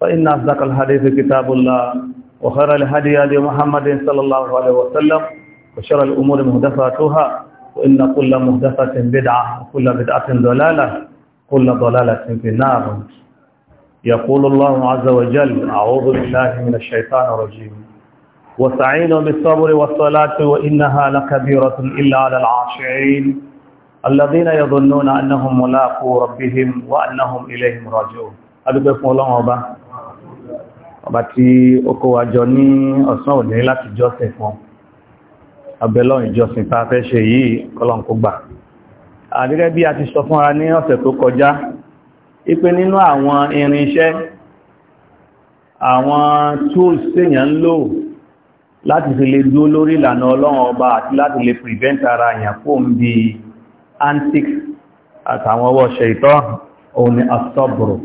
فإن أصدق الحديث كتاب الله وخير الهدي هدي محمد صلى الله عليه وسلم وشر الأمور مهدفاتها وإن كل مهدفة بدعة وكل بدعة ضلالة كل ضلالة في النار يقول الله عز وجل أعوذ بالله من الشيطان الرجيم وسعينوا بالصبر والصلاة وإنها لكبيرة إلا على العاشعين الذين يظنون أنهم ملاقو ربهم وأنهم إليهم راجعون أدب فولان ọba tí ó kó wa jọ ní ọ̀sán òní láti jọ́sìn fún abẹ́lọ́ ìjọsìn tá a fẹ́ ṣe yìí kọ́lọ̀n kó gbà àdígẹ́ bí a ti sọ fúnra ní ọ̀sẹ̀ tó kọjá ipé nínú àwọn irinṣẹ́ àwọn tools téèyàn ń lò láti fi lè dúó lórí ìlànà ọlọ́run ọba àti láti lè prevent ara èèyàn fóun bí antics àtàwọn ọwọ́ ṣe ìtọ́ òun ni asọ́bùrù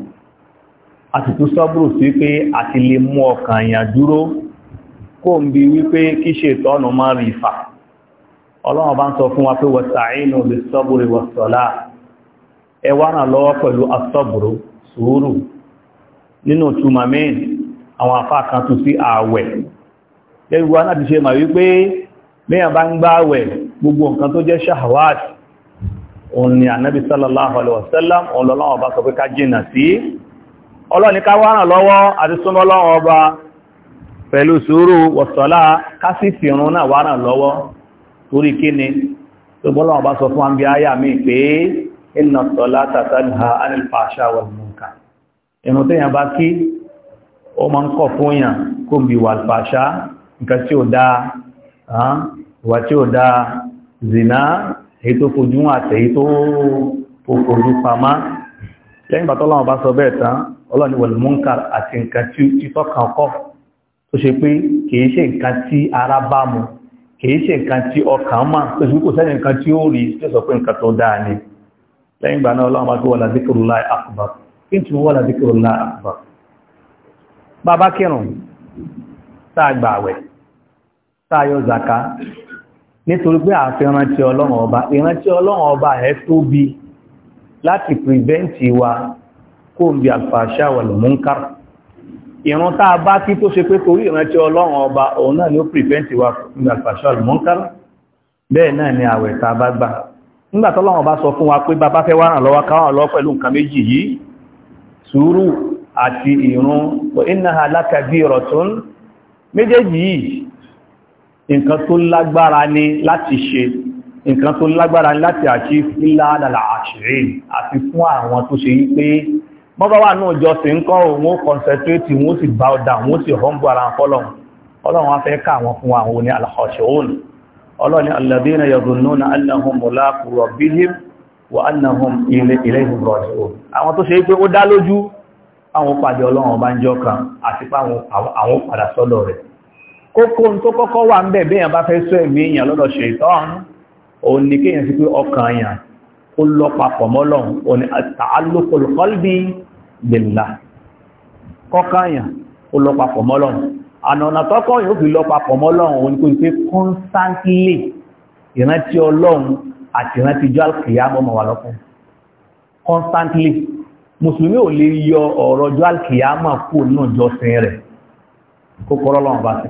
asụsụ sì tún sọ́bùrù sí pé a ti lè mú ọkàn dúró kó ń bi wípé kí ṣe ìtọ́nù rí ìfà bá ń sọ fún wa pé wasta'inu inú sabri was-salah lọ́wọ́ pẹ̀lú asọ́bùrù sùúrù nínú túnmà mẹ́rin àwọn kan sí ààwẹ̀ gbogbo nǹkan tó jẹ́ òun ni sallallahu alaihi wasallam ọlọ́ni ká wá ràn lọ́wọ́ àti súnmọ́ lọ́wọ́ ọba pẹ̀lú sùúrù wọ̀sọ̀lá kásì fìrún náà wá ràn lọ́wọ́ torí kí ni tó bọ́lọ́ ọba sọ fún àbí ayà mi pé iná sọ́lá tàtàlá anìfàṣà wal munkar ìrùn tó yàn bá kí ó máa ń zina èyí tó fojú àtẹ̀yí tó fojú pamá lẹ́yìn bàtọ́ láwọn bá sọ bẹ́ẹ̀ tán ọlọ́ni wọ̀lú munkar àti nǹkan tí títọ́ kan kọ́ tó ṣe pé kìí ṣe nǹkan tí ara bá mu kìí ṣe nǹkan tí ọkàn mà tó ṣe kò sẹ́yìn nǹkan tí ó rí tó sọ pé nǹkan tó dáa ni lẹ́yìn ìgbà náà ọlọ́run bá tó wọlá zikirullahi akbar kí n tún wọlá zikirullahi akbar bàbá kírun tá a gbààwẹ̀ tá a yọ zaka nítorí pé àfi ìrántí ọlọ́run ọba ìrántí ọlọ́run ọba ẹ̀ tóbi láti pìrìbẹ́ntì wa kó ń bí àfàṣà wà lè múnkà ìran tá bá kí tó ṣe pé torí ìrántí ọlọ́run ọba òun náà ni ó pìrìbẹ́ntì wa ní àfàṣà wà lè múnkà bẹ́ẹ̀ náà ni àwẹ̀ tá bá gbà nígbà tọ́lọ́run sọ fún wa pé bàbá fẹ́ wá ràn lọ́wọ́ ká wà lọ́wọ́ pẹ̀lú nǹkan méjì yìí sùúrù àti ìrun nǹkan tó lágbára láti àṣí fílá àdàlà àṣírí àti fún àwọn tó ṣe yí pé bọ́bá wà náà jọ sí ń kọ́ òun concentrate wọ́n sì bow down wọ́n sì humble ara fọ́lọ̀n ọlọ́run afẹ́ ká àwọn fún àwọn òní al-khashi'un ọlọ́ni alladhina yadhunnuna annahum mulaqu rabbihim wa annahum ilayhi raji'un àwọn tó ṣe pé ó dá lójú àwọn pàdé ọlọ́run bá ń jọ kan àti pé àwọn padà sọ́dọ̀ rẹ̀ kókó tó kọ́kọ́ wà ń bẹ̀ bẹ́yàn bá fẹ́ sọ ẹ̀mí èèyàn lọ́dọ̀ ṣe ìtọ́run òun ni kéèyàn sí pé ọkàn àyàn ó lọ papọ̀ mọ́lọ́run òun ni ta'alluqul qalbi billah kọ́kàn lọ papọ̀ mọ́lọ́run àna ọ̀nà tọ́kọ́ fi lọ papọ̀ mọ́lọ́run òun ni kò pé constantly ìrántí ọlọ́run àti ìrántí jọ constantly mùsùlùmí ò lè yọ ọ̀rọ̀ jọ alkiyama kúrò náà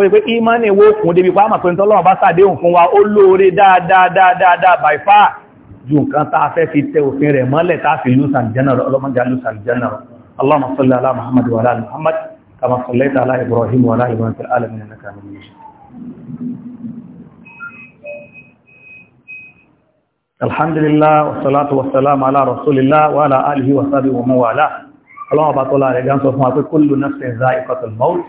ó rí pé ìmánì wó kún débi pàmà pé tọ́lọ́wọ́ bá sàdéhùn fún wa ó lóore dáadáa by far ju nǹkan tá a fẹ́ fi tẹ òfin rẹ̀ mọ́lẹ̀ tá a fi lùsàn jẹ́nà ọlọ́mọdé lùsàn jẹ́nà Allahumma salli ala Muhammad wa ala Muhammad kama sallaita ala Ibrahim wa ala Ibrahim fil alamin innaka hamidun majid alhamdulillah wasalatu wasalamu ala rasulillah bá tọ́lá rẹ̀ gánsọ fún wa pé kullu nafsin za'iqatul maut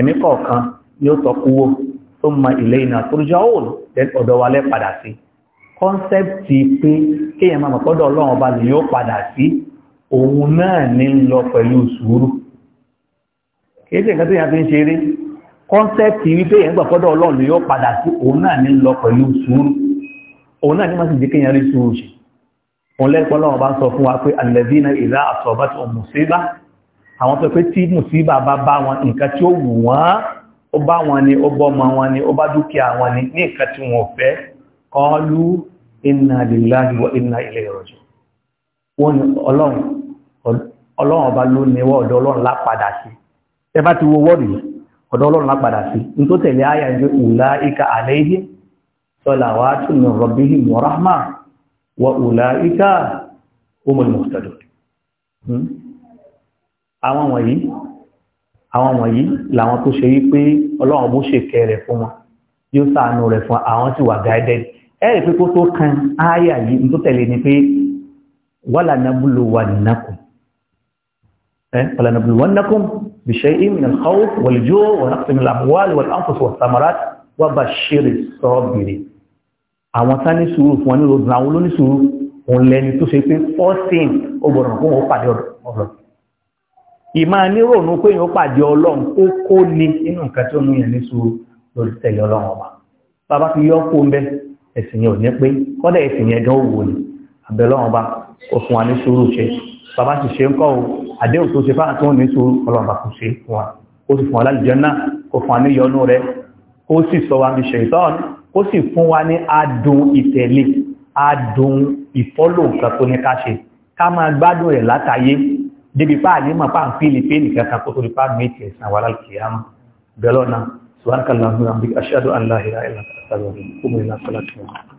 ẹ̀mí kọ̀ọ̀kan yóò tọ́kúwó tó ma ilé iná torújá òòlù ọ̀dọ̀ wa lẹ́ padà sí kọ́nsẹ́pì pé kéèyàn máa mọ̀kọ́dọ̀ ọlọ́run ọba lè yóò padà sí òun náà ní lọ pẹ̀lú sùúrù kìí ṣe nǹkan tó yàn fi ń ṣeré kọ́nsẹ́pì wípé èèyàn gbàkọ́dọ̀ ọlọ́run lè yóò padà sí òun náà ní lọ pẹ̀lú sùúrù òun náà ní má sì jẹ́ kéèyàn rí sùúrù ṣe òun lẹ́pọ̀ ọlọ́run ọba sọ fún wa pé alladhina idha asabathum musiba àwọn tó pé tí bá bá wọn ó bá wọn ni ó bọ́mọ wọn ni ó bá dúkìá wọn ni ní nǹkan tí wọ́n fẹ́ kọlu inna lillahi wa inna ilayhi raji'un wọ́n ni ọlọ́run ọlọ́run ọba ló ní wọ́n ọ̀dọ̀ ọlọ́run lápadà sí ẹ bá ti wo wọ́ọ̀dù yìí ọ̀dọ̀ ọlọ́run lápadà hmm? àwọn wọ̀nyí àwọn wọ̀nyí làwọn tó ṣe wípé ọlọ́run bó ṣe kẹ́ rẹ̀ fún wọn yóò sàánú rẹ̀ fún àwọn tí wà guided ẹ̀rì pé kó tó kan ááyà yìí tó tẹ̀lé ni pé wàlà nàbùlù wà nàkùn wàlà nàbùlù wà nàkùn bi shay'in min al-khawf wal-ju' wa naqsin min al-amwal wal-anfus wath-thamarat àwọn tá ní sùúrù fún wọn ní lóògùn àwọn olóníṣùúrù òun lẹni tó ṣe pé fọ́sìn ó kó wọn pàdé ọ̀dọ̀ ìmá nírònú pé yóò pàdé ọlọ́run ó kó ní inú nǹkan tí ó mú yẹn ní sùúrù lórí tẹ̀lé ọlọ́run ọba bàbá fi yọ kó ń bẹ ẹ̀sìn yẹn ò ní pé kọ́dà ẹ̀sìn yẹn gan òwò ni àbẹ̀ ọlọ́run ọba ó fún wa ní sùúrù ṣe bàbá sì ṣe ń kọ́ o àdéhùn tó ṣe fáwọn tó ń ní sùúrù ọlọ́run ọba kò ṣe fún wa ó sì fún wa lálùjọ náà kó fún wa ní yọnú rẹ ó sì sọ wa ní ṣèyítọ́ọ̀nù ó sì fún wa ní adùn ìtẹ̀lé adùn ìfọ́lò nǹkan tó ní ká ṣe ká máa gbádùn rẹ̀ látàyé débi pa ní ma pa ń fílì fílì kankan kó tó di pa méjì ẹ̀sán wà láìkè àmà bẹ́lọ́nà subhanakallahumma wa bihamdika ashhadu an la ilaha illa anta astaghfiruka wa atubu